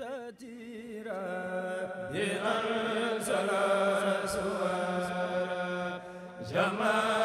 ستيرا بأن سلا سوى جمال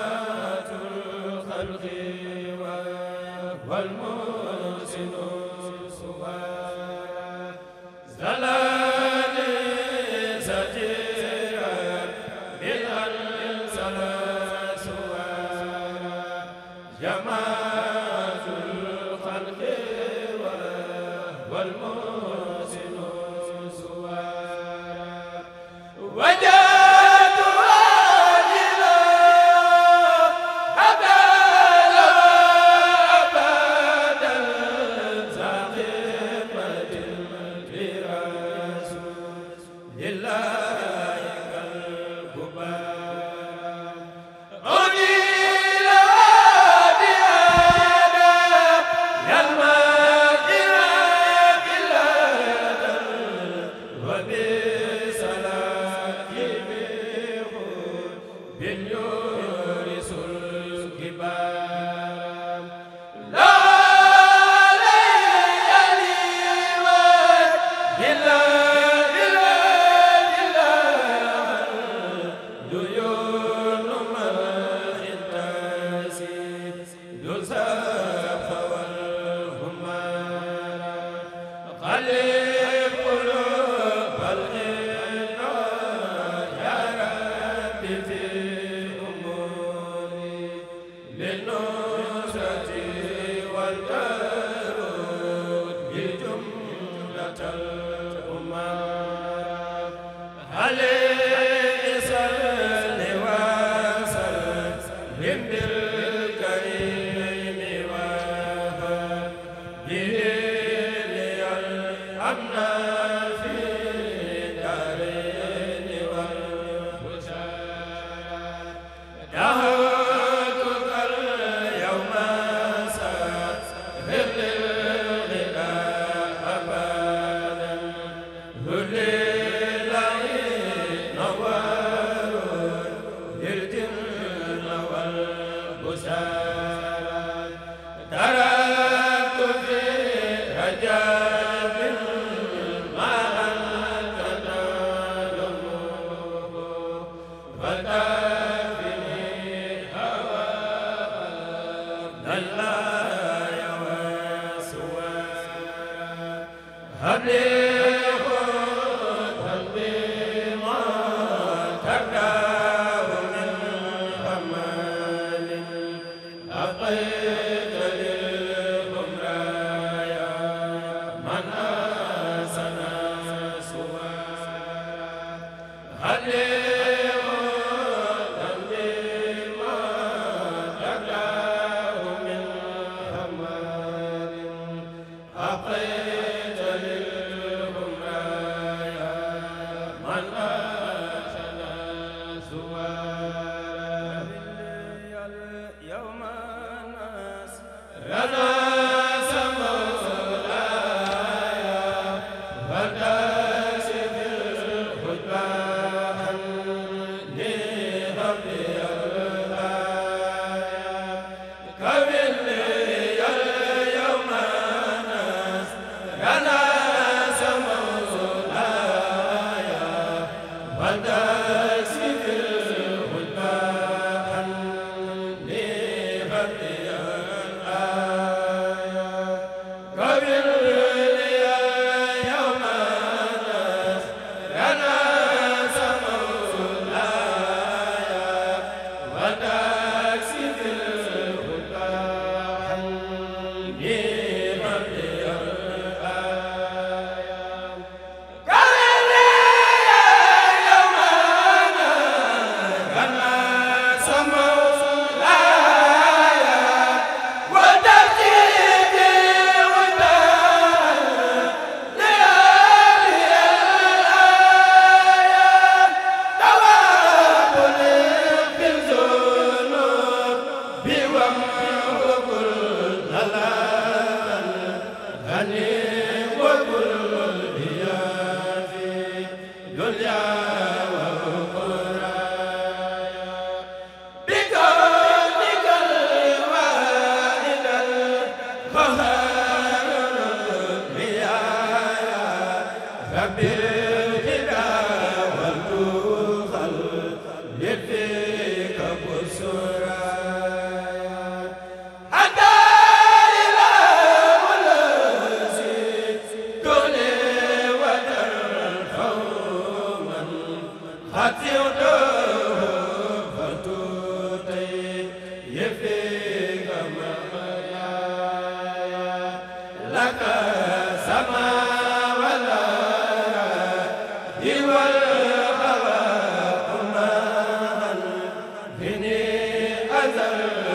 yaa Amen.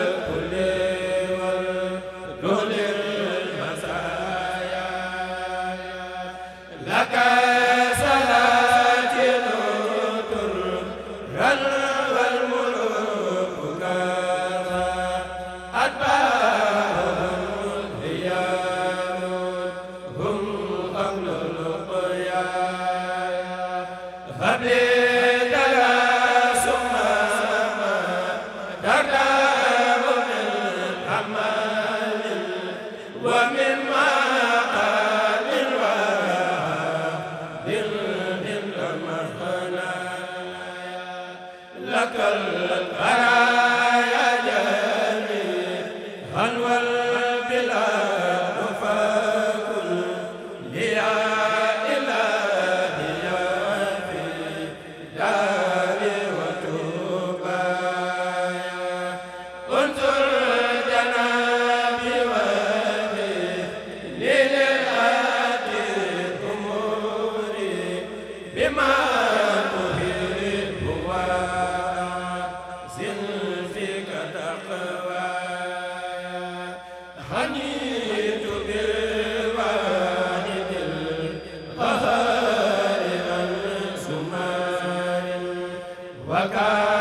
kal waka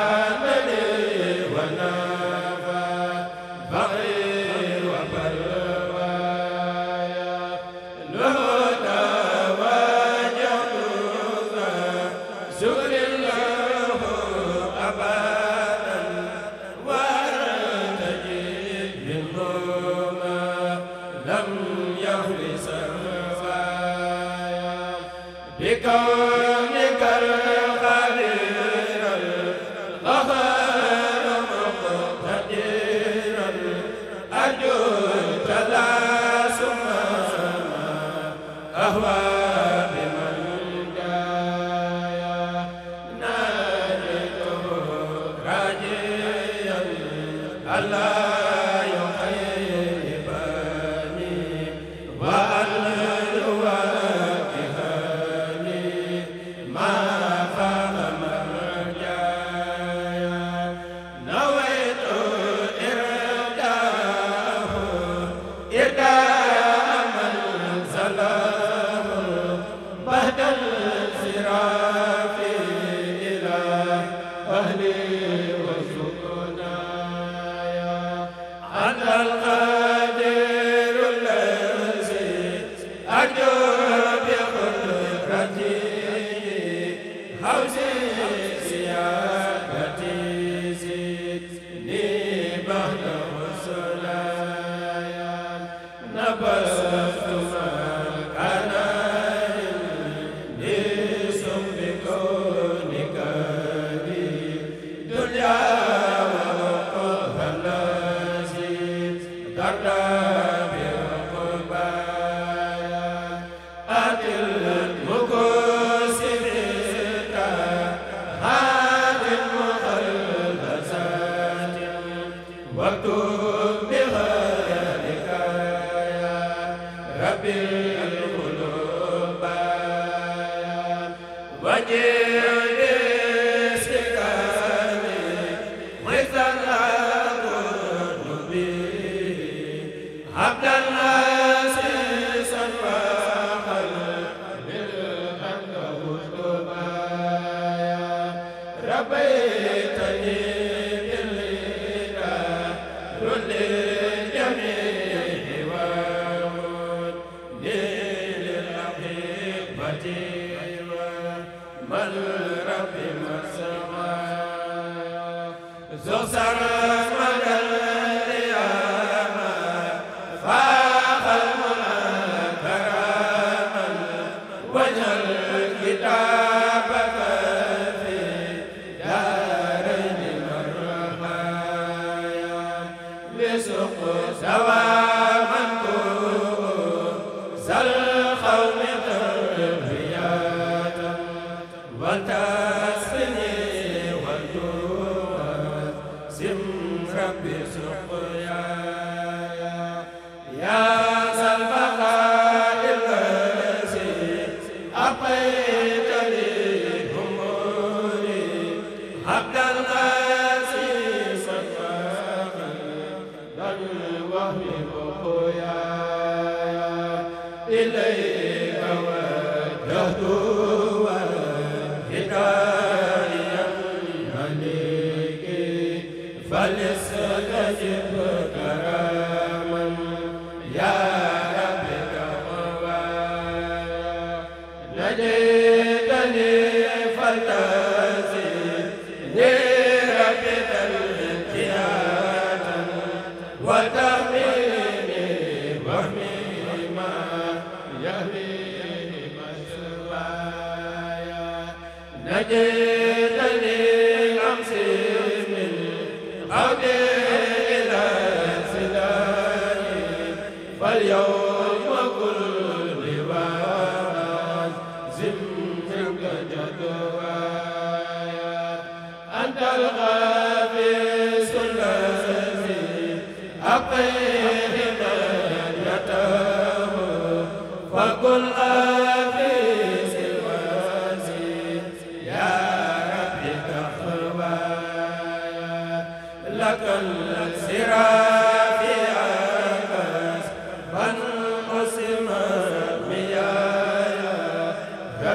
najee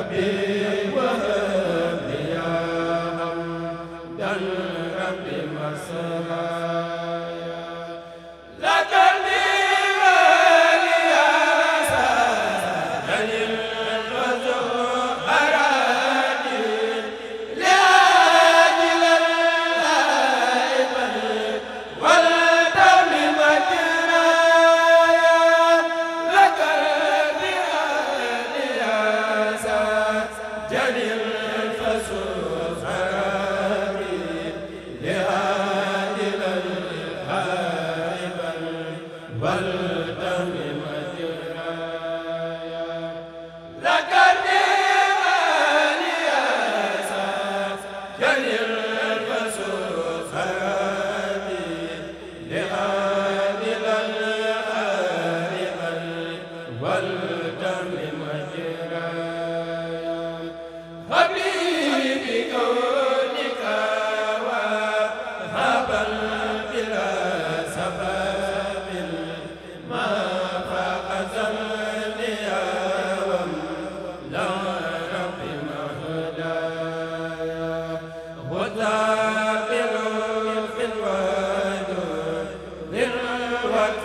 Amiin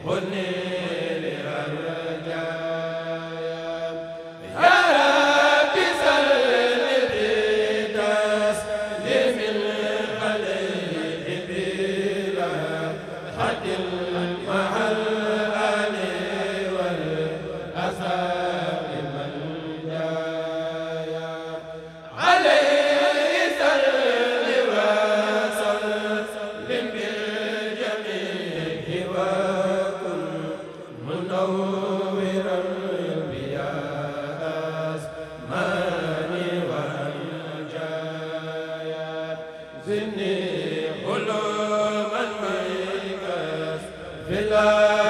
xone bila